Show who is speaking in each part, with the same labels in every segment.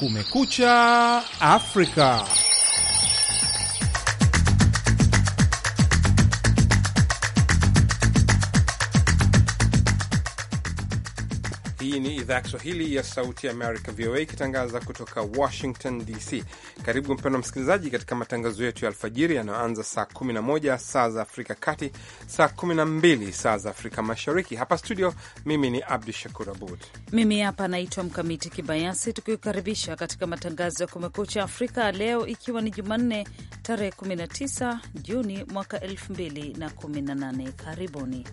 Speaker 1: Kumekucha Afrika. ni idhaa ya Kiswahili ya Sauti ya Amerika, VOA, ikitangaza kutoka Washington DC. Karibu mpendo msikilizaji, katika matangazo yetu ya alfajiri yanayoanza saa 11 saa za Afrika Kati, saa 12 saa za Afrika Mashariki. Hapa studio, mimi ni Abdu Shakur Abud,
Speaker 2: mimi hapa naitwa Mkamiti Kibayasi, tukiukaribisha katika matangazo ya Kumekucha Afrika leo, ikiwa ni Jumanne tarehe 19 Juni mwaka 2018. Karibuni.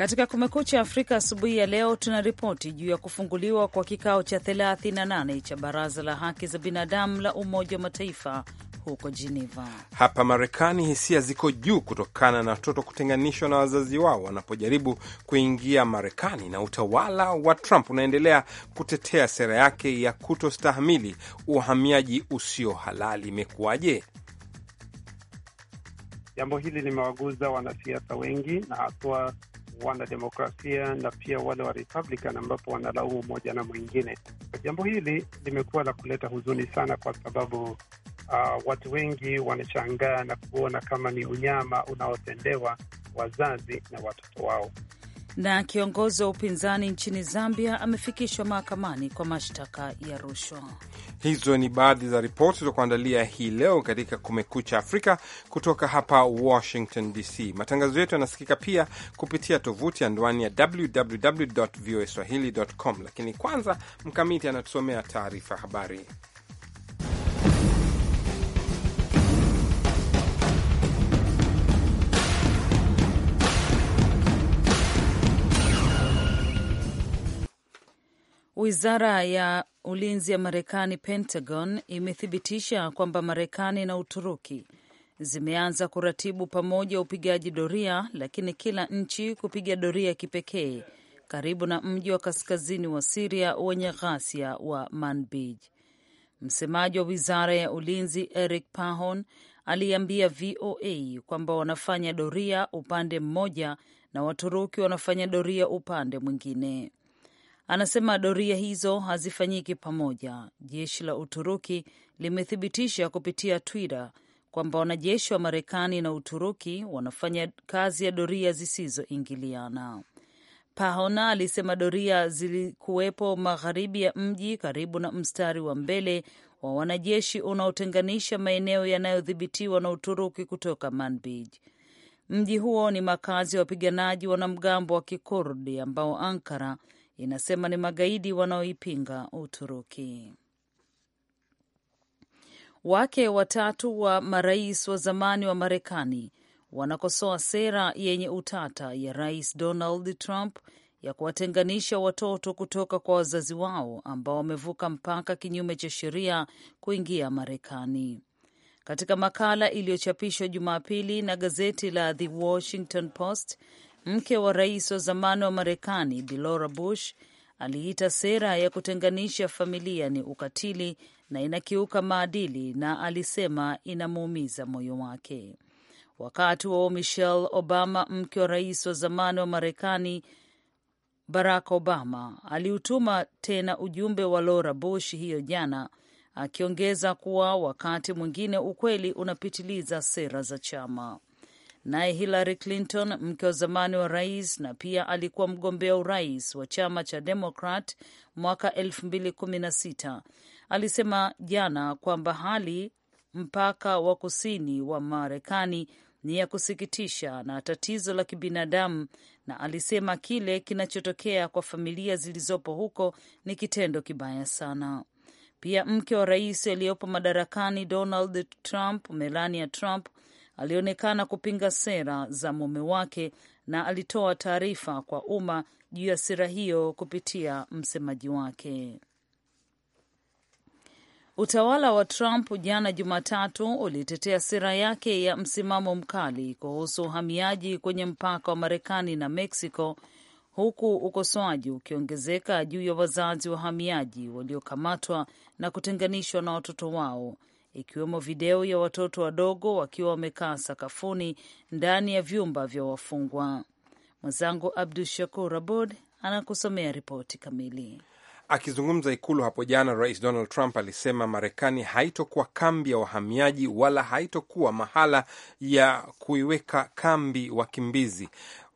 Speaker 2: Katika Kumekucha Afrika asubuhi ya leo, tuna ripoti juu ya kufunguliwa kwa kikao cha 38 cha Baraza la Haki za Binadamu la Umoja wa Mataifa huko Geneva.
Speaker 1: Hapa Marekani hisia ziko juu kutokana na watoto kutenganishwa na wazazi wao wanapojaribu kuingia Marekani, na utawala wa Trump unaendelea kutetea sera yake ya kutostahamili uhamiaji usio halali. Imekuwaje?
Speaker 3: Jambo hili limewaguza wanasiasa wengi na haswa wanademokrasia na pia wale wa Republican, ambapo wanalaumu moja na mwingine. Jambo hili limekuwa la kuleta huzuni sana, kwa sababu uh, watu wengi wanashangaa na kuona kama ni unyama unaotendewa wazazi
Speaker 2: na watoto wao. Na kiongozi wa upinzani nchini Zambia amefikishwa mahakamani kwa mashtaka ya rushwa.
Speaker 1: Hizo ni baadhi za ripoti kuandalia hii leo katika Kumekucha Afrika kutoka hapa Washington DC. Matangazo yetu yanasikika pia kupitia tovuti anwani ya www voa swahili com, lakini kwanza Mkamiti anatusomea taarifa habari.
Speaker 2: Wizara ya ulinzi ya Marekani, Pentagon, imethibitisha kwamba Marekani na Uturuki zimeanza kuratibu pamoja upigaji doria, lakini kila nchi kupiga doria kipekee karibu na mji wa kaskazini wa Siria wenye ghasia wa Manbij. Msemaji wa wizara ya ulinzi Eric Pahon aliambia VOA kwamba wanafanya doria upande mmoja na Waturuki wanafanya doria upande mwingine. Anasema doria hizo hazifanyiki pamoja. Jeshi la Uturuki limethibitisha kupitia Twitter kwamba wanajeshi wa Marekani na Uturuki wanafanya kazi ya doria zisizoingiliana. Pahona alisema doria zilikuwepo magharibi ya mji karibu na mstari wa mbele wa wanajeshi unaotenganisha maeneo yanayodhibitiwa na Uturuki kutoka Manbij. Mji huo ni makazi ya wapiganaji wanamgambo wa Kikurdi ambao Ankara inasema ni magaidi wanaoipinga Uturuki. Wake watatu wa marais wa zamani wa Marekani wanakosoa sera yenye utata ya Rais Donald Trump ya kuwatenganisha watoto kutoka kwa wazazi wao ambao wamevuka mpaka kinyume cha sheria kuingia Marekani. Katika makala iliyochapishwa Jumapili na gazeti la The Washington Post, mke wa rais wa zamani wa Marekani Bilora Bush aliita sera ya kutenganisha familia ni ukatili na inakiuka maadili, na alisema inamuumiza moyo wake. Wakati wa Michelle Obama, mke wa rais wa zamani wa Marekani Barack Obama, aliutuma tena ujumbe wa Laura Bush hiyo jana, akiongeza kuwa wakati mwingine ukweli unapitiliza sera za chama. Naye Hillary Clinton, mke wa zamani wa rais na pia alikuwa mgombea urais wa chama cha Demokrat mwaka 2016 alisema jana kwamba hali mpaka wa kusini wa Marekani ni ya kusikitisha na tatizo la kibinadamu, na alisema kile kinachotokea kwa familia zilizopo huko ni kitendo kibaya sana. Pia mke wa rais aliyopo madarakani Donald Trump, Melania Trump, alionekana kupinga sera za mume wake na alitoa taarifa kwa umma juu ya sera hiyo kupitia msemaji wake. Utawala wa Trump jana Jumatatu ulitetea sera yake ya msimamo mkali kuhusu uhamiaji kwenye mpaka wa Marekani na Mexico, huku ukosoaji ukiongezeka juu ya wazazi wahamiaji waliokamatwa na kutenganishwa na watoto wao ikiwemo video ya watoto wadogo wakiwa wamekaa sakafuni ndani ya vyumba vya wafungwa. Mwenzangu Abdu Shakur Abud anakusomea ripoti kamili.
Speaker 1: Akizungumza Ikulu hapo jana, Rais Donald Trump alisema Marekani haitokuwa kambi ya wahamiaji wala haitokuwa mahala ya kuiweka kambi wakimbizi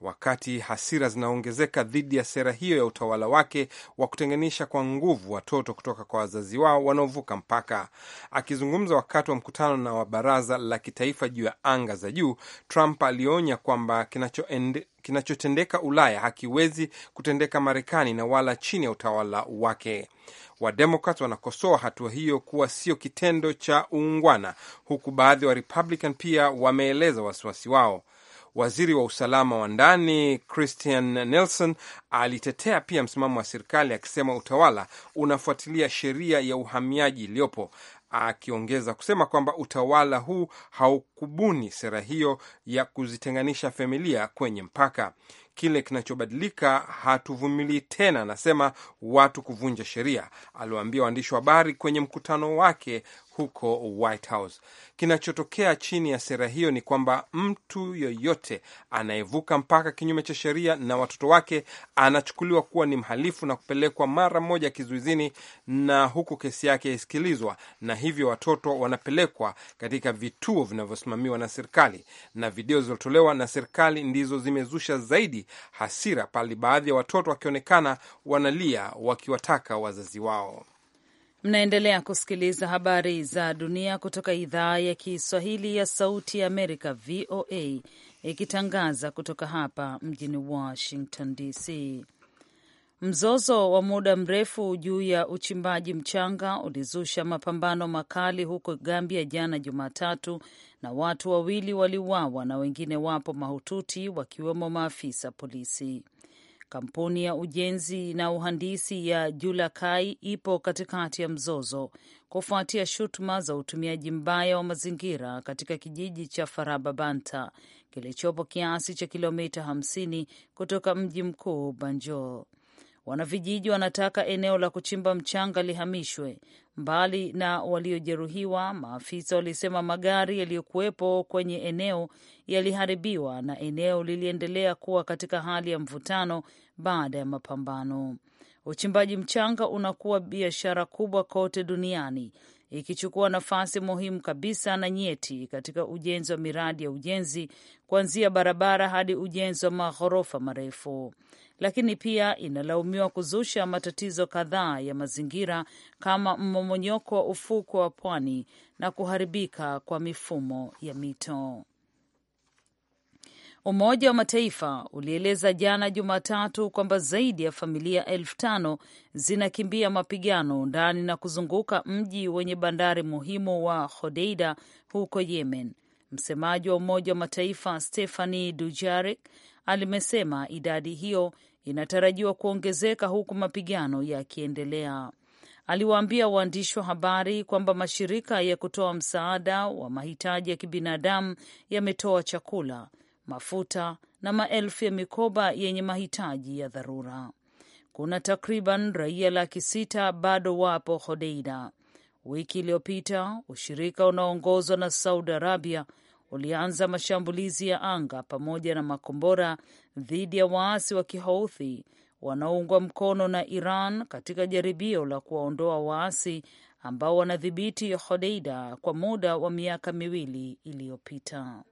Speaker 1: wakati hasira zinaongezeka dhidi ya sera hiyo ya utawala wake wa kutenganisha kwa nguvu watoto kutoka kwa wazazi wao wanaovuka mpaka. Akizungumza wakati wa mkutano na wa baraza la kitaifa juu ya anga za juu, Trump alionya kwamba kinachotendeka kinachotendeka Ulaya hakiwezi kutendeka Marekani na wala chini ya utawala wake. Wademokrat wanakosoa hatua hiyo kuwa sio kitendo cha uungwana, huku baadhi ya wa pia wameeleza wasiwasi wao. Waziri wa usalama wa ndani Christian Nelson alitetea pia msimamo wa serikali akisema utawala unafuatilia sheria ya uhamiaji iliyopo, akiongeza kusema kwamba utawala huu hau kubuni sera hiyo ya kuzitenganisha familia kwenye mpaka. Kile kinachobadilika hatuvumilii tena, anasema watu kuvunja sheria, aliwaambia waandishi wa habari kwenye mkutano wake huko White House. Kinachotokea chini ya sera hiyo ni kwamba mtu yoyote anayevuka mpaka kinyume cha sheria na watoto wake anachukuliwa kuwa ni mhalifu na kupelekwa mara moja kizuizini, na huku kesi yake isikilizwa, na hivyo watoto wanapelekwa katika vituo vinavyosimamia zinasimamiwa na serikali, na video zilizotolewa na serikali ndizo zimezusha zaidi hasira pale baadhi ya watoto wakionekana wanalia wakiwataka wazazi wao.
Speaker 2: Mnaendelea kusikiliza habari za dunia kutoka idhaa ya Kiswahili ya Sauti ya Amerika, VOA, ikitangaza kutoka hapa mjini Washington DC. Mzozo wa muda mrefu juu ya uchimbaji mchanga ulizusha mapambano makali huko Gambia jana Jumatatu, na watu wawili waliuawa na wengine wapo mahututi wakiwemo maafisa polisi. Kampuni ya ujenzi na uhandisi ya Julakai ipo katikati ya mzozo kufuatia shutuma za utumiaji mbaya wa mazingira katika kijiji cha Farababanta kilichopo kiasi cha kilomita 50 kutoka mji mkuu Banjul. Wanavijiji wanataka eneo la kuchimba mchanga lihamishwe mbali na waliojeruhiwa. Maafisa walisema magari yaliyokuwepo kwenye eneo yaliharibiwa na eneo liliendelea kuwa katika hali ya mvutano baada ya mapambano. Uchimbaji mchanga unakuwa biashara kubwa kote duniani ikichukua nafasi muhimu kabisa na nyeti katika ujenzi wa miradi ya ujenzi kuanzia barabara hadi ujenzi wa maghorofa marefu lakini pia inalaumiwa kuzusha matatizo kadhaa ya mazingira kama mmomonyoko wa ufukwe wa pwani na kuharibika kwa mifumo ya mito. Umoja wa Mataifa ulieleza jana Jumatatu kwamba zaidi ya familia elfu tano zinakimbia mapigano ndani na kuzunguka mji wenye bandari muhimu wa Hodeida huko Yemen. Msemaji wa Umoja wa Mataifa Stephani Dujarik alimesema idadi hiyo inatarajiwa kuongezeka huku mapigano yakiendelea. Aliwaambia waandishi wa habari kwamba mashirika ya kutoa msaada wa mahitaji ya kibinadamu yametoa chakula, mafuta na maelfu ya mikoba yenye mahitaji ya dharura. Kuna takriban raia laki sita bado wapo Hodeida. Wiki iliyopita ushirika unaoongozwa na Saudi Arabia ulianza mashambulizi ya anga pamoja na makombora dhidi ya waasi wa Kihouthi wanaoungwa mkono na Iran katika jaribio la kuwaondoa waasi ambao wanadhibiti Hodeida kwa muda wa miaka miwili iliyopita.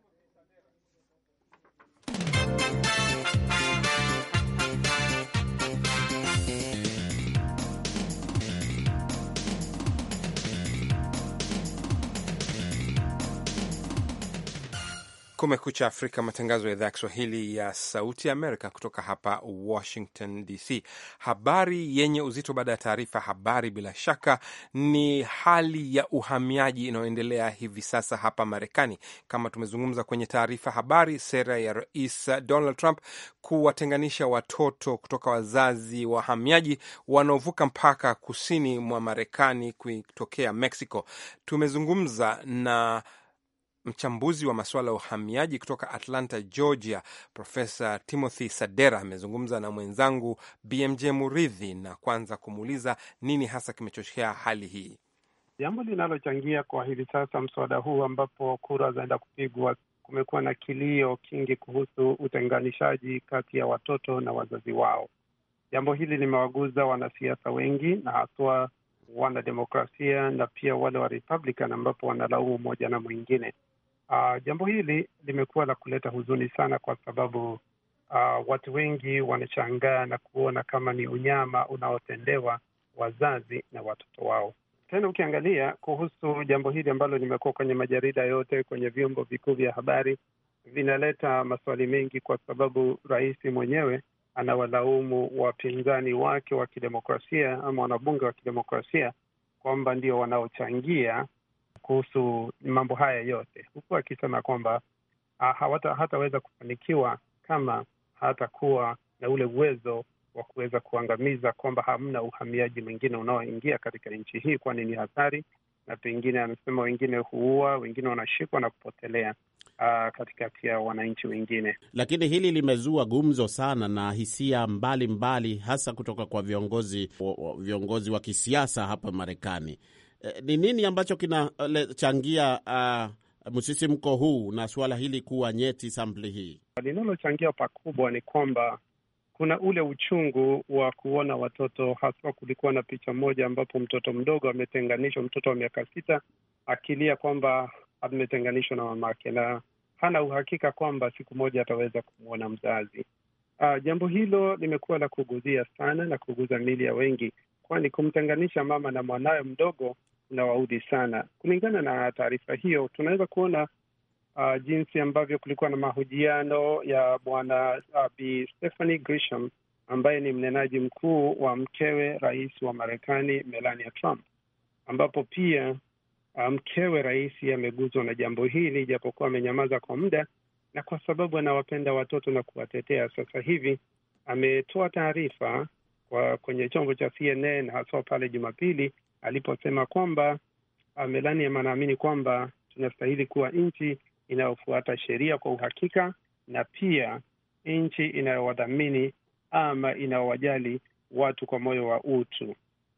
Speaker 1: Kumekucha Afrika, matangazo ya idhaa ya Kiswahili ya Sauti Amerika kutoka hapa Washington DC. Habari yenye uzito baada ya taarifa habari, bila shaka ni hali ya uhamiaji inayoendelea hivi sasa hapa Marekani. Kama tumezungumza kwenye taarifa habari, sera ya Rais Donald Trump kuwatenganisha watoto kutoka wazazi wahamiaji wanaovuka mpaka kusini mwa Marekani kutokea Mexico. Tumezungumza na mchambuzi wa masuala ya uhamiaji kutoka Atlanta, Georgia, Profesa Timothy Sadera amezungumza na mwenzangu BMJ Muridhi na kwanza kumuuliza nini hasa kimechochea hali hii.
Speaker 3: Jambo linalochangia kwa hivi sasa mswada huu ambapo kura zaenda kupigwa, kumekuwa na kilio kingi kuhusu utenganishaji kati ya watoto na wazazi wao. Jambo hili limewaguza wanasiasa wengi na haswa wanademokrasia na pia wale wa Republican ambapo wanalaumu moja na mwingine. Uh, jambo hili limekuwa la kuleta huzuni sana kwa sababu uh, watu wengi wanashangaa na kuona kama ni unyama unaotendewa wazazi na watoto wao. Tena ukiangalia kuhusu jambo hili ambalo limekuwa kwenye majarida yote, kwenye vyombo vikuu vya habari, vinaleta maswali mengi, kwa sababu rais mwenyewe anawalaumu wapinzani wake wa kidemokrasia ama wanabunge wa kidemokrasia kwamba ndio wanaochangia kuhusu mambo haya yote, huku akisema kwamba ah, hawata, hataweza kufanikiwa kama hatakuwa na ule uwezo wa kuweza kuangamiza kwamba hamna uhamiaji mwingine unaoingia katika nchi hii, kwani ni hatari, na pengine amesema wengine huua, wengine wanashikwa na kupotelea uh, katikati ya wananchi wengine. Lakini hili limezua gumzo sana na hisia mbalimbali mbali, hasa kutoka kwa viongozi, viongozi wa kisiasa hapa Marekani. Eh, ni nini ambacho kinachangia uh, msisimko huu na suala hili kuwa nyeti sampli hii? Linalochangia pakubwa ni kwamba kuna ule uchungu wa kuona watoto, haswa kulikuwa na picha moja ambapo mtoto mdogo ametenganishwa, mtoto wa miaka sita akilia kwamba ametenganishwa na mamake na hana uhakika kwamba siku moja ataweza kumwona mzazi. Uh, jambo hilo limekuwa la kuguzia sana na kuguza mili ya wengi, kwani kumtenganisha mama na mwanawe mdogo na Waudhi sana. Kulingana na taarifa hiyo, tunaweza kuona uh, jinsi ambavyo kulikuwa na mahojiano ya bwana uh, Bi Stephanie Grisham ambaye ni mnenaji mkuu wa mkewe rais wa Marekani Melania Trump, ambapo pia uh, mkewe rais ameguzwa na jambo hili, ijapokuwa amenyamaza kwa muda, na kwa sababu anawapenda watoto na kuwatetea, sasa hivi ametoa taarifa kwenye chombo cha CNN haswa pale Jumapili aliposema kwamba uh, Melania anaamini kwamba tunastahili kuwa nchi inayofuata sheria kwa uhakika na pia nchi inayowadhamini ama inayowajali watu kwa moyo wa utu.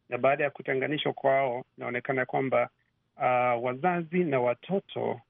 Speaker 3: Na baada ya kutenganishwa kwao, inaonekana kwamba uh, wazazi na watoto,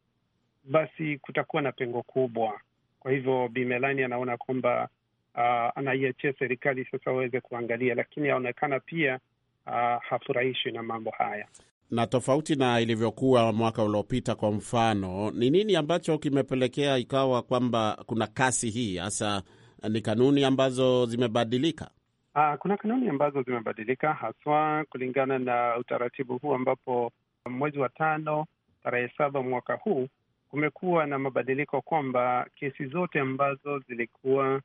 Speaker 3: basi kutakuwa na pengo kubwa. Kwa hivyo Bi Melani anaona kwamba uh, anaiachia serikali sasa waweze kuangalia, lakini aonekana pia uh, hafurahishwi na mambo haya na tofauti na ilivyokuwa mwaka uliopita, kwa mfano, ni nini ambacho kimepelekea ikawa kwamba kuna kasi hii? Hasa ni kanuni ambazo zimebadilika. Aa, ah, kuna kanuni ambazo zimebadilika haswa kulingana na utaratibu huu, ambapo mwezi wa tano tarehe saba mwaka huu kumekuwa na mabadiliko kwamba kesi zote ambazo zilikuwa uh,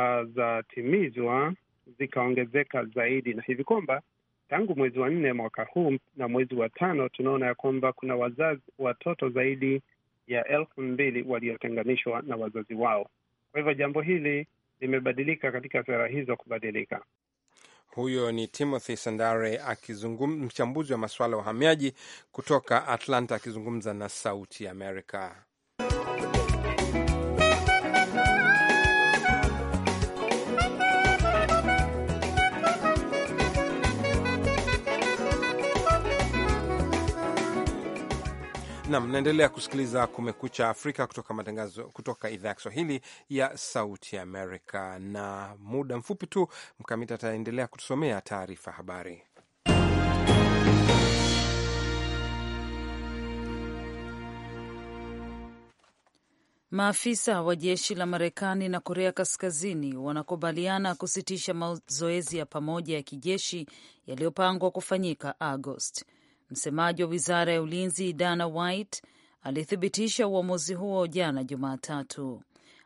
Speaker 3: ah, zatimizwa zikaongezeka zaidi na hivi kwamba tangu mwezi wa nne mwaka huu na mwezi wa tano tunaona ya kwamba kuna wazazi watoto zaidi ya elfu mbili waliotenganishwa na wazazi wao. Kwa hivyo jambo hili limebadilika katika sera hizo kubadilika.
Speaker 1: Huyo ni Timothy Sandare mchambuzi wa masuala ya uhamiaji kutoka Atlanta akizungumza na Sauti Amerika. Nam, naendelea kusikiliza Kumekucha Afrika kutoka matangazo kutoka idhaa ya Kiswahili ya Sauti Amerika, na muda mfupi tu Mkamiti ataendelea kutusomea taarifa habari.
Speaker 2: Maafisa wa jeshi la Marekani na Korea Kaskazini wanakubaliana kusitisha mazoezi ya pamoja ya kijeshi yaliyopangwa kufanyika Agosti. Msemaji wa wizara ya ulinzi Dana White alithibitisha uamuzi huo jana Jumatatu.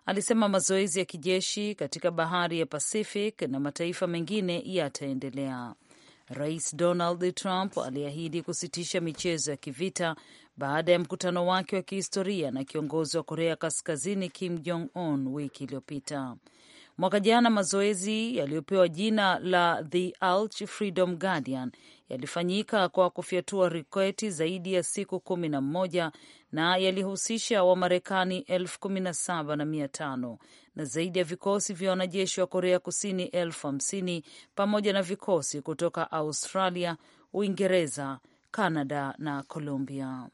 Speaker 2: Alisema mazoezi ya kijeshi katika bahari ya Pacific na mataifa mengine yataendelea. Rais Donald Trump aliahidi kusitisha michezo ya kivita baada ya mkutano wake wa kihistoria na kiongozi wa Korea Kaskazini Kim Jong Un wiki iliyopita. Mwaka jana mazoezi yaliyopewa jina la The Alch Freedom Guardian yalifanyika kwa kufyatua riketi zaidi ya siku kumi na mmoja na yalihusisha Wamarekani elfu kumi na saba na mia tano na zaidi ya vikosi vya wanajeshi wa Korea Kusini elfu hamsini pamoja na vikosi kutoka Australia, Uingereza, Kanada na Colombia.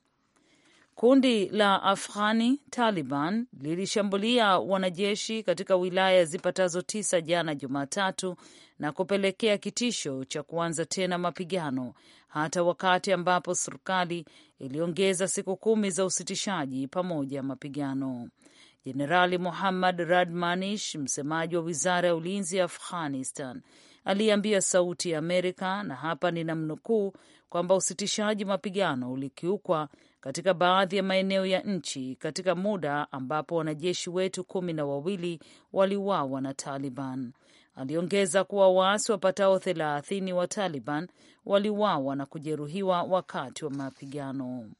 Speaker 2: Kundi la Afghani Taliban lilishambulia wanajeshi katika wilaya zipatazo tisa jana Jumatatu na kupelekea kitisho cha kuanza tena mapigano hata wakati ambapo serikali iliongeza siku kumi za usitishaji pamoja mapigano. Jenerali Muhammad Radmanish, msemaji wa wizara ya ulinzi ya Afghanistan, aliambia Sauti ya Amerika, na hapa ninamnukuu, kwamba usitishaji mapigano ulikiukwa katika baadhi ya maeneo ya nchi katika muda ambapo wanajeshi wetu kumi na wawili waliuawa na Taliban. Aliongeza kuwa waasi wapatao thelathini wa Taliban waliuawa na kujeruhiwa wakati wa mapigano.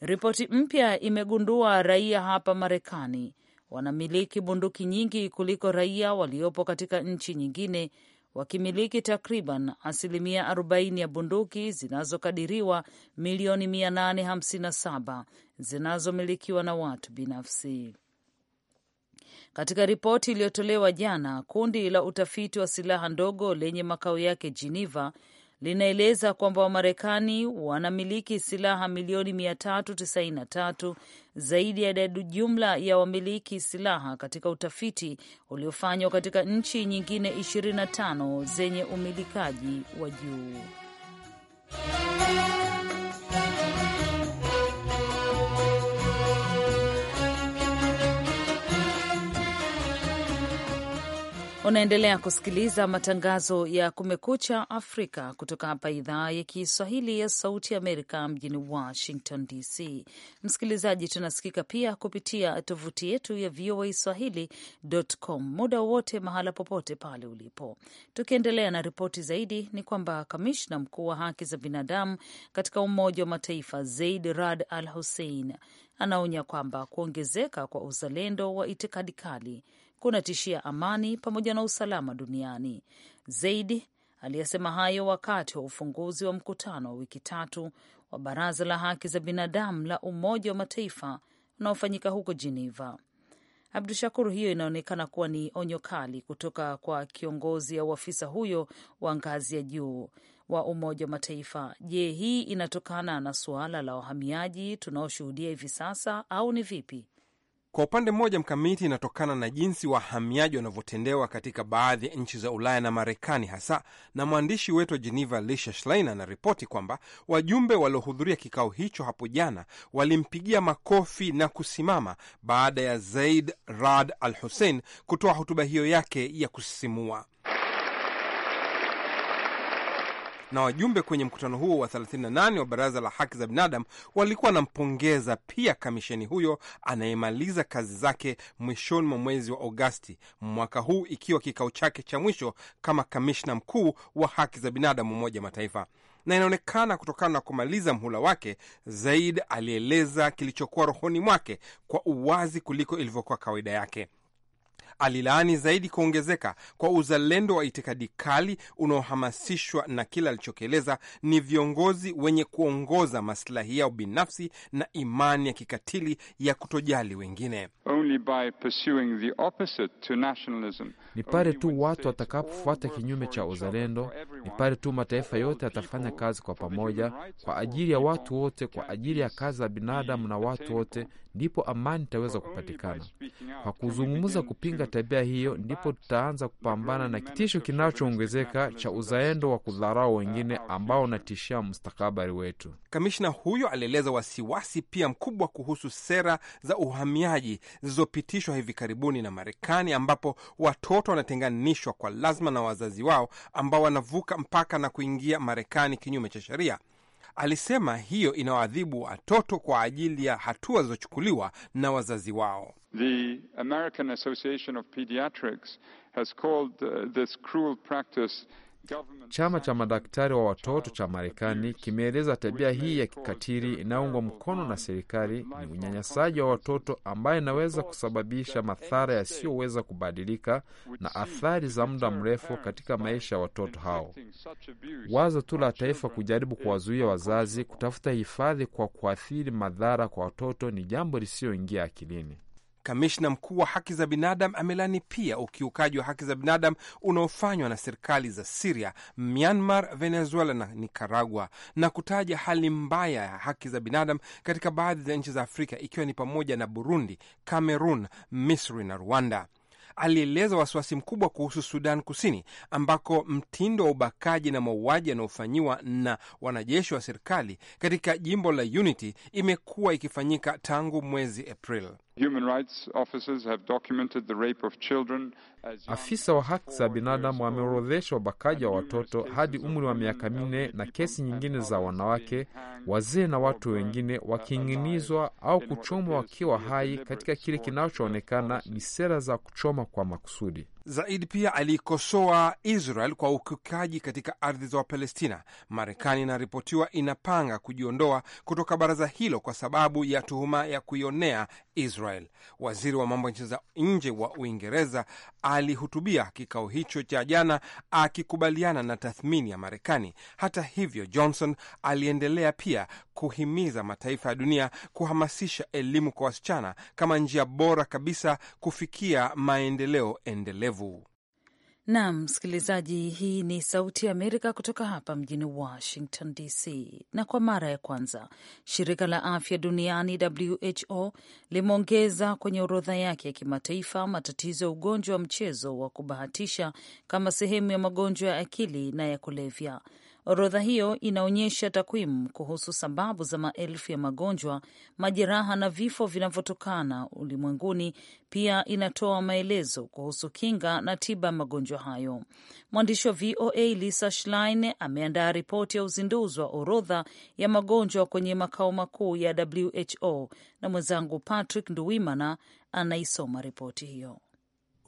Speaker 2: Ripoti mpya imegundua raia hapa Marekani wanamiliki bunduki nyingi kuliko raia waliopo katika nchi nyingine wakimiliki takriban asilimia 40 ya bunduki zinazokadiriwa milioni 857 zinazomilikiwa na watu binafsi. Katika ripoti iliyotolewa jana, kundi la utafiti wa silaha ndogo lenye makao yake Geneva linaeleza kwamba Wamarekani wanamiliki silaha milioni 393 zaidi ya idadi jumla ya wamiliki silaha katika utafiti uliofanywa katika nchi nyingine 25 zenye umilikaji wa juu. Unaendelea kusikiliza matangazo ya Kumekucha Afrika kutoka hapa idhaa ya Kiswahili ya Sauti Amerika mjini Washington DC. Msikilizaji, tunasikika pia kupitia tovuti yetu ya VOA Swahili.com muda wowote, mahala popote pale ulipo. Tukiendelea na ripoti zaidi, ni kwamba kamishna mkuu wa haki za binadamu katika Umoja wa Mataifa Zaid Rad Al Hussein anaonya kwamba kuongezeka kwa uzalendo wa itikadi kali kunatishia amani pamoja na usalama duniani. Zaidi aliyesema hayo wakati wa ufunguzi wa mkutano wa wiki tatu wa Baraza la Haki za Binadamu la Umoja wa Mataifa unaofanyika huko Geneva. Abdu Shakur, hiyo inaonekana kuwa ni onyo kali kutoka kwa kiongozi au afisa huyo wa ngazi ya juu wa Umoja wa Mataifa. Je, hii inatokana na suala la wahamiaji tunaoshuhudia hivi sasa au ni vipi?
Speaker 1: Kwa upande mmoja, mkamiti inatokana na jinsi wahamiaji wanavyotendewa katika baadhi ya nchi za Ulaya na Marekani hasa, na mwandishi wetu wa Geneva Lisha Schlein anaripoti kwamba wajumbe waliohudhuria kikao hicho hapo jana walimpigia makofi na kusimama baada ya Zaid Rad Al Hussein kutoa hotuba hiyo yake ya kusisimua na wajumbe kwenye mkutano huo wa 38 wa Baraza la Haki za Binadamu walikuwa wanampongeza pia kamisheni huyo anayemaliza kazi zake mwishoni mwa mwezi wa Agosti mwaka huu, ikiwa kikao chake cha mwisho kama kamishna mkuu wa haki za binadamu Umoja Mataifa na inaonekana kutokana na kumaliza mhula wake, Zaid alieleza kilichokuwa rohoni mwake kwa uwazi kuliko ilivyokuwa kawaida yake alilaani zaidi kuongezeka kwa uzalendo wa itikadi kali unaohamasishwa na kile alichokieleza ni viongozi wenye kuongoza masilahi yao binafsi na imani ya kikatili ya kutojali wengine.
Speaker 4: Ni pale tu watu watakapofuata kinyume cha uzalendo, ni pale tu mataifa yote yatafanya kazi kwa pamoja, kwa ajili ya watu wote, kwa ajili ya kazi za binadamu na watu wote ndipo amani itaweza kupatikana. Kwa kuzungumza kupinga tabia hiyo, ndipo tutaanza kupambana na kitisho kinachoongezeka cha uzalendo wa kudharau wengine ambao
Speaker 1: unatishia mustakabali wetu. Kamishna huyo alieleza wasiwasi pia mkubwa kuhusu sera za uhamiaji zilizopitishwa hivi karibuni na Marekani, ambapo watoto wanatenganishwa kwa lazima na wazazi wao ambao wanavuka mpaka na kuingia Marekani kinyume cha sheria Alisema hiyo inawaadhibu watoto kwa ajili ya hatua zilizochukuliwa na wazazi wao. The American Association of Pediatrics has called uh, this cruel practice
Speaker 4: Chama cha madaktari wa watoto cha Marekani kimeeleza tabia hii ya kikatili inayoungwa mkono na serikali ni unyanyasaji wa watoto ambaye inaweza kusababisha madhara yasiyoweza kubadilika na athari za muda mrefu katika maisha ya watoto hao. Wazo tu la taifa kujaribu kuwazuia wazazi kutafuta hifadhi kwa kuathiri madhara kwa watoto ni
Speaker 1: jambo lisiyoingia akilini. Kamishna mkuu wa haki za binadamu amelani pia ukiukaji wa haki za binadamu unaofanywa na serikali za Siria, Myanmar, Venezuela na Nicaragua, na kutaja hali mbaya ya haki za binadamu katika baadhi za nchi za Afrika, ikiwa ni pamoja na Burundi, Cameroon, Misri na Rwanda. Alieleza wasiwasi mkubwa kuhusu Sudan Kusini, ambako mtindo wa ubakaji na mauaji yanayofanyiwa na wanajeshi wa serikali katika jimbo la Unity imekuwa ikifanyika tangu mwezi Aprili.
Speaker 4: Afisa wa haki za binadamu ameorodhesha wabakaji wa watoto hadi umri wa miaka minne na kesi nyingine za wanawake, wazee na watu wengine wakiing'inizwa au kuchomwa
Speaker 1: wakiwa hai katika kile
Speaker 4: kinachoonekana
Speaker 1: ni sera za kuchoma kwa
Speaker 4: makusudi.
Speaker 1: Zaidi pia aliikosoa Israel kwa ukiukaji katika ardhi za Wapalestina. Marekani inaripotiwa inapanga kujiondoa kutoka baraza hilo kwa sababu ya tuhuma ya kuionea Israel. Waziri wa mambo ya nchi za nje wa Uingereza alihutubia kikao hicho cha jana akikubaliana na tathmini ya Marekani. Hata hivyo, Johnson aliendelea pia kuhimiza mataifa ya dunia kuhamasisha elimu kwa wasichana kama njia bora kabisa kufikia maendeleo endelevu.
Speaker 2: Naam, msikilizaji, hii ni Sauti ya Amerika kutoka hapa mjini Washington DC. Na kwa mara ya kwanza shirika la afya duniani WHO limeongeza kwenye orodha yake ya kimataifa matatizo ya ugonjwa wa mchezo wa kubahatisha kama sehemu ya magonjwa ya akili na ya kulevya. Orodha hiyo inaonyesha takwimu kuhusu sababu za maelfu ya magonjwa, majeraha na vifo vinavyotokana ulimwenguni. Pia inatoa maelezo kuhusu kinga na tiba ya magonjwa hayo. Mwandishi wa VOA Lisa Schlein ameandaa ripoti ya uzinduzi wa orodha ya magonjwa kwenye makao makuu ya WHO na mwenzangu Patrick Nduwimana anaisoma ripoti hiyo.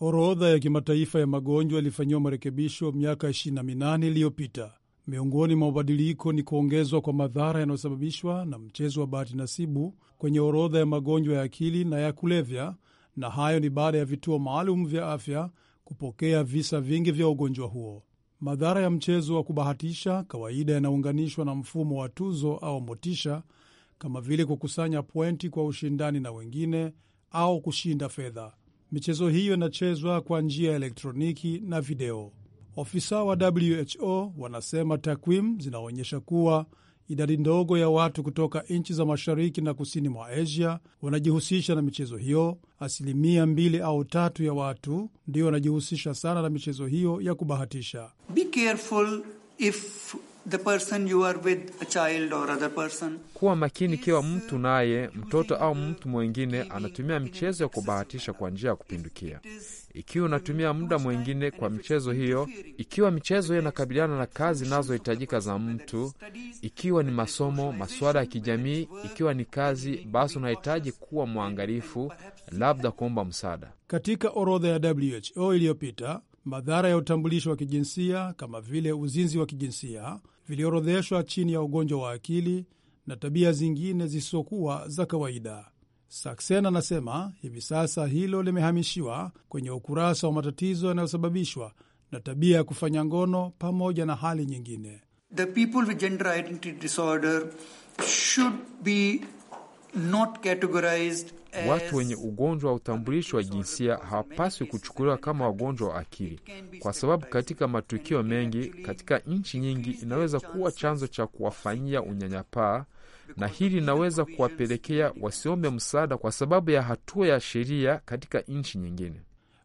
Speaker 5: Orodha ya kimataifa ya magonjwa ilifanyiwa marekebisho miaka 28 iliyopita. Miongoni mwa mabadiliko ni kuongezwa kwa madhara yanayosababishwa na mchezo wa bahati nasibu kwenye orodha ya magonjwa ya akili na ya kulevya, na hayo ni baada ya vituo maalum vya afya kupokea visa vingi vya ugonjwa huo. Madhara ya mchezo wa kubahatisha kawaida yanaunganishwa na mfumo wa tuzo au motisha, kama vile kukusanya pointi kwa ushindani na wengine au kushinda fedha. Michezo hiyo inachezwa kwa njia ya elektroniki na video. Ofisa wa WHO wanasema takwimu zinaonyesha kuwa idadi ndogo ya watu kutoka nchi za mashariki na kusini mwa Asia wanajihusisha na michezo hiyo. Asilimia mbili au tatu ya watu ndio wanajihusisha sana na michezo hiyo ya kubahatisha. Be careful if the person you are with, a child or other person.
Speaker 4: Kuwa makini kiwa uh, mtu naye mtoto au uh, mtu mwingine anatumia michezo ya kubahatisha kwa njia ya kupindukia. Ikiwa unatumia muda mwingine kwa michezo hiyo, ikiwa michezo hiyo inakabiliana na kazi zinazohitajika za mtu, ikiwa ni masomo, masuala ya kijamii, ikiwa ni kazi, basi unahitaji kuwa mwangalifu, labda kuomba msaada.
Speaker 5: Katika orodha ya WHO iliyopita, madhara ya utambulisho wa kijinsia kama vile uzinzi wa kijinsia viliorodheshwa chini ya ugonjwa wa akili na tabia zingine zisizokuwa za kawaida. Saksen anasema hivi sasa hilo limehamishiwa kwenye ukurasa wa matatizo yanayosababishwa na tabia ya kufanya ngono pamoja na hali nyingine. The people with gender identity disorder should be not categorized Watu wenye
Speaker 4: ugonjwa wa utambulisho wa jinsia hawapaswi kuchukuliwa kama wagonjwa wa akili, kwa sababu katika matukio mengi katika nchi nyingi inaweza kuwa chanzo cha kuwafanyia unyanyapaa, na hili linaweza kuwapelekea wasiombe msaada kwa sababu ya hatua ya sheria katika nchi nyingine.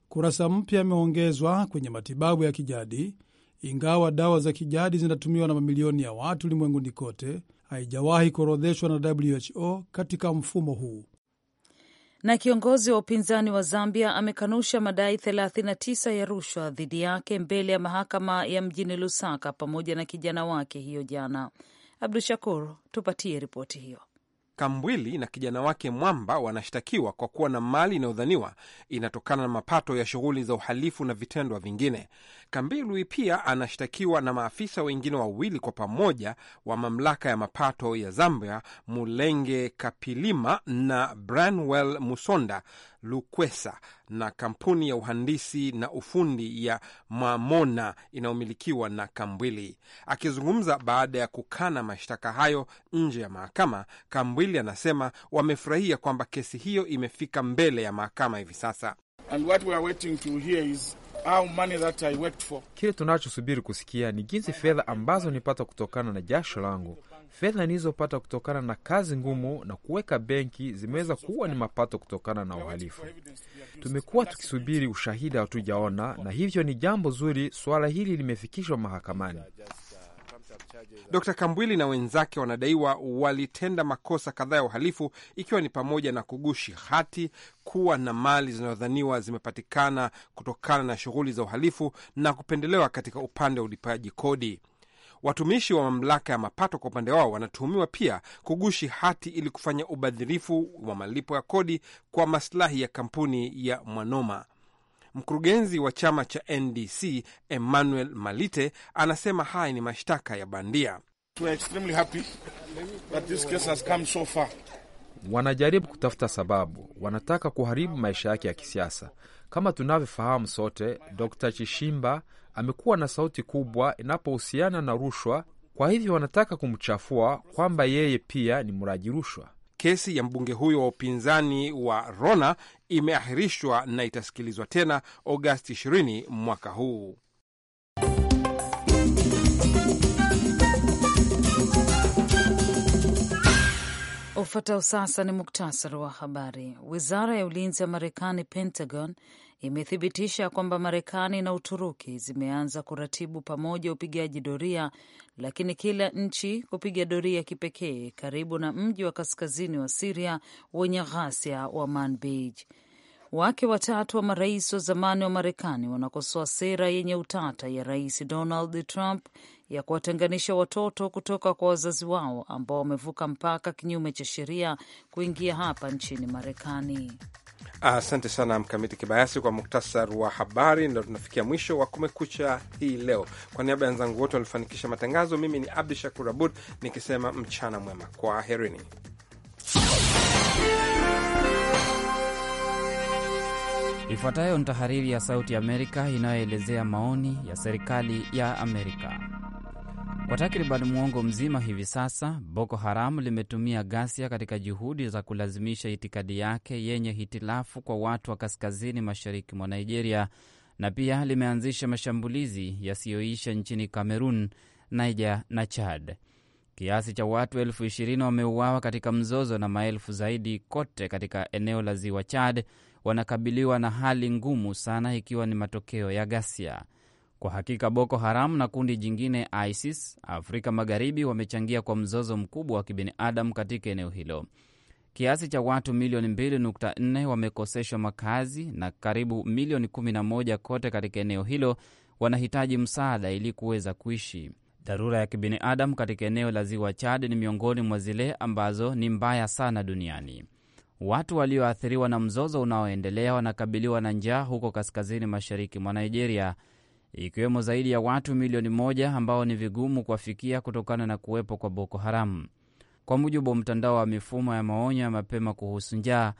Speaker 5: Kurasa mpya imeongezwa kwenye matibabu ya kijadi. Ingawa dawa za kijadi zinatumiwa na mamilioni ya watu ulimwenguni kote, haijawahi kuorodheshwa na WHO katika mfumo huu
Speaker 2: na kiongozi wa upinzani wa Zambia amekanusha madai 39 ya rushwa dhidi yake mbele ya mahakama ya mjini Lusaka pamoja na kijana wake hiyo jana. Abdu Shakur, tupatie ripoti hiyo.
Speaker 1: Kambwili na kijana wake Mwamba wanashtakiwa kwa kuwa na mali inayodhaniwa inatokana na mapato ya shughuli za uhalifu na vitendwa vingine. Kambwili pia anashtakiwa na maafisa wengine wawili kwa pamoja wa mamlaka ya mapato ya Zambia, Mulenge Kapilima na Branwell Musonda Lukwesa na kampuni ya uhandisi na ufundi ya Mamona inayomilikiwa na Kambwili. Akizungumza baada ya kukana mashtaka hayo nje ya mahakama, Kambwili anasema wamefurahia kwamba kesi hiyo imefika mbele ya mahakama hivi sasa.
Speaker 4: Kile tunachosubiri kusikia ni jinsi fedha ambazo nipata kutokana na jasho langu Fedha nilizopata kutokana na kazi ngumu na kuweka benki zimeweza kuwa ni mapato kutokana na uhalifu. Tumekuwa tukisubiri ushahidi, hatujaona, na
Speaker 1: hivyo ni jambo zuri suala hili limefikishwa mahakamani. Dr Kambwili na wenzake wanadaiwa walitenda makosa kadhaa ya uhalifu ikiwa ni pamoja na kugushi hati, kuwa na mali zinazodhaniwa zimepatikana kutokana na shughuli za uhalifu na kupendelewa katika upande wa ulipaji kodi. Watumishi wa mamlaka ya mapato kwa upande wao wanatuhumiwa pia kugushi hati ili kufanya ubadhirifu wa malipo ya kodi kwa maslahi ya kampuni ya Mwanoma. Mkurugenzi wa chama cha NDC Emmanuel Malite anasema haya ni mashtaka ya bandia.
Speaker 4: wanajaribu kutafuta sababu, wanataka kuharibu maisha yake ya kisiasa. Kama tunavyofahamu sote, Dr Chishimba amekuwa na sauti kubwa inapohusiana na rushwa, kwa hivyo wanataka
Speaker 1: kumchafua kwamba yeye pia ni mraji rushwa. Kesi ya mbunge huyo wa upinzani wa Rona imeahirishwa na itasikilizwa tena Agosti 20 mwaka huu.
Speaker 2: Ufuatao sasa ni muktasari wa habari. Wizara ya ulinzi ya Marekani, Pentagon, imethibitisha kwamba Marekani na Uturuki zimeanza kuratibu pamoja upigaji doria, lakini kila nchi kupiga doria kipekee karibu na mji wa kaskazini wa Siria wenye ghasia wa Manbij. Wake watatu wa marais wa zamani wa Marekani wanakosoa sera yenye utata ya Rais Donald Trump ya kuwatenganisha watoto kutoka kwa wazazi wao ambao wamevuka mpaka kinyume cha sheria kuingia hapa nchini Marekani.
Speaker 1: Asante sana Mkamiti Kibayasi kwa muktasar wa habari. Ndo tunafikia mwisho wa Kumekucha hii leo. Kwa niaba ya wenzangu wote walifanikisha matangazo, mimi ni Abdu Shakur Abud nikisema mchana mwema, kwaherini.
Speaker 6: Ifuatayo ni tahariri ya Sauti Amerika inayoelezea maoni ya serikali ya Amerika. Kwa takriban mwongo mzima hivi sasa, Boko Haram limetumia ghasia katika juhudi za kulazimisha itikadi yake yenye hitilafu kwa watu wa kaskazini mashariki mwa Nigeria, na pia limeanzisha mashambulizi yasiyoisha nchini Kamerun, Niger na Chad. Kiasi cha watu elfu ishirini wameuawa katika mzozo na maelfu zaidi kote katika eneo la ziwa Chad wanakabiliwa na hali ngumu sana, ikiwa ni matokeo ya ghasia. Kwa hakika Boko Haram na kundi jingine ISIS Afrika Magharibi wamechangia kwa mzozo mkubwa wa kibinadamu katika eneo hilo. Kiasi cha watu milioni 2.4 wamekoseshwa makazi na karibu milioni 11 kote katika eneo hilo wanahitaji msaada ili kuweza kuishi. Dharura ya kibinadamu katika eneo la ziwa Chad ni miongoni mwa zile ambazo ni mbaya sana duniani. Watu walioathiriwa na mzozo unaoendelea wanakabiliwa na njaa huko kaskazini mashariki mwa Nigeria, ikiwemo zaidi ya watu milioni moja ambao ni vigumu kuwafikia kutokana na kuwepo kwa Boko Haram. Kwa mujibu wa mtandao wa mifumo ya maonyo ya mapema kuhusu njaa,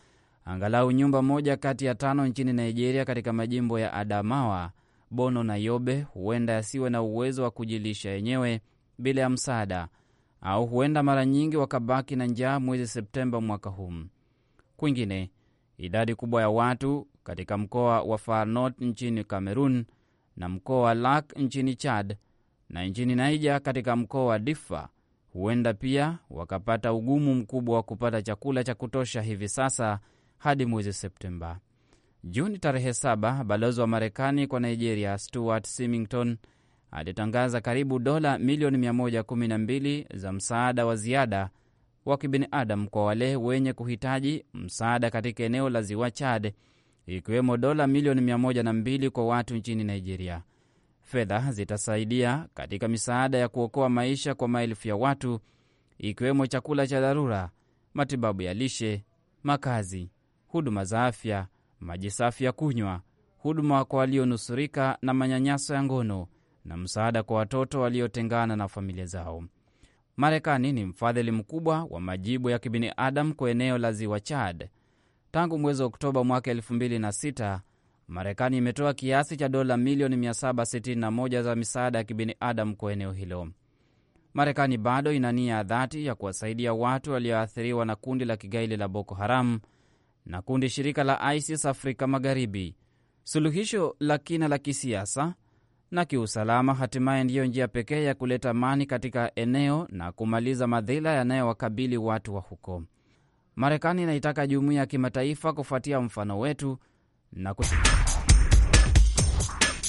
Speaker 6: angalau nyumba moja kati ya tano nchini Nigeria, katika majimbo ya Adamawa, Bono na Yobe, huenda yasiwe na uwezo wa kujilisha yenyewe bila ya msaada, au huenda mara nyingi wakabaki na njaa mwezi Septemba mwaka huu. Kwingine idadi kubwa ya watu katika mkoa wa Far North nchini Cameroon na mkoa wa Lak nchini Chad na nchini Naija katika mkoa wa Difa huenda pia wakapata ugumu mkubwa wa kupata chakula cha kutosha hivi sasa hadi mwezi Septemba. Juni tarehe 7, balozi wa Marekani kwa Nigeria Stuart Simington alitangaza karibu dola milioni 112 za msaada wa ziada wa kibinadamu kwa wale wenye kuhitaji msaada katika eneo la ziwa Chad, ikiwemo dola milioni 102 kwa watu nchini Nigeria. Fedha zitasaidia katika misaada ya kuokoa maisha kwa maelfu ya watu, ikiwemo chakula cha dharura, matibabu ya lishe, makazi, huduma za afya, maji safi ya kunywa, huduma kwa walionusurika na manyanyaso ya ngono na msaada kwa watoto waliotengana na familia zao. Marekani ni mfadhili mkubwa wa majibu ya kibinadamu kwa eneo la ziwa Chad. Tangu mwezi Oktoba mwaka 2006 Marekani imetoa kiasi cha dola milioni 761 za misaada ya kibinadamu kwa eneo hilo. Marekani bado ina nia ya dhati ya kuwasaidia watu walioathiriwa na kundi la kigaidi la Boko Haram na kundi shirika la ISIS Afrika Magharibi. Suluhisho la kina la kisiasa na kiusalama, hatimaye ndiyo njia pekee ya kuleta amani katika eneo na kumaliza madhila yanayowakabili watu wa huko. Marekani inaitaka jumuiya ya kimataifa kufuatia mfano wetu na kusikia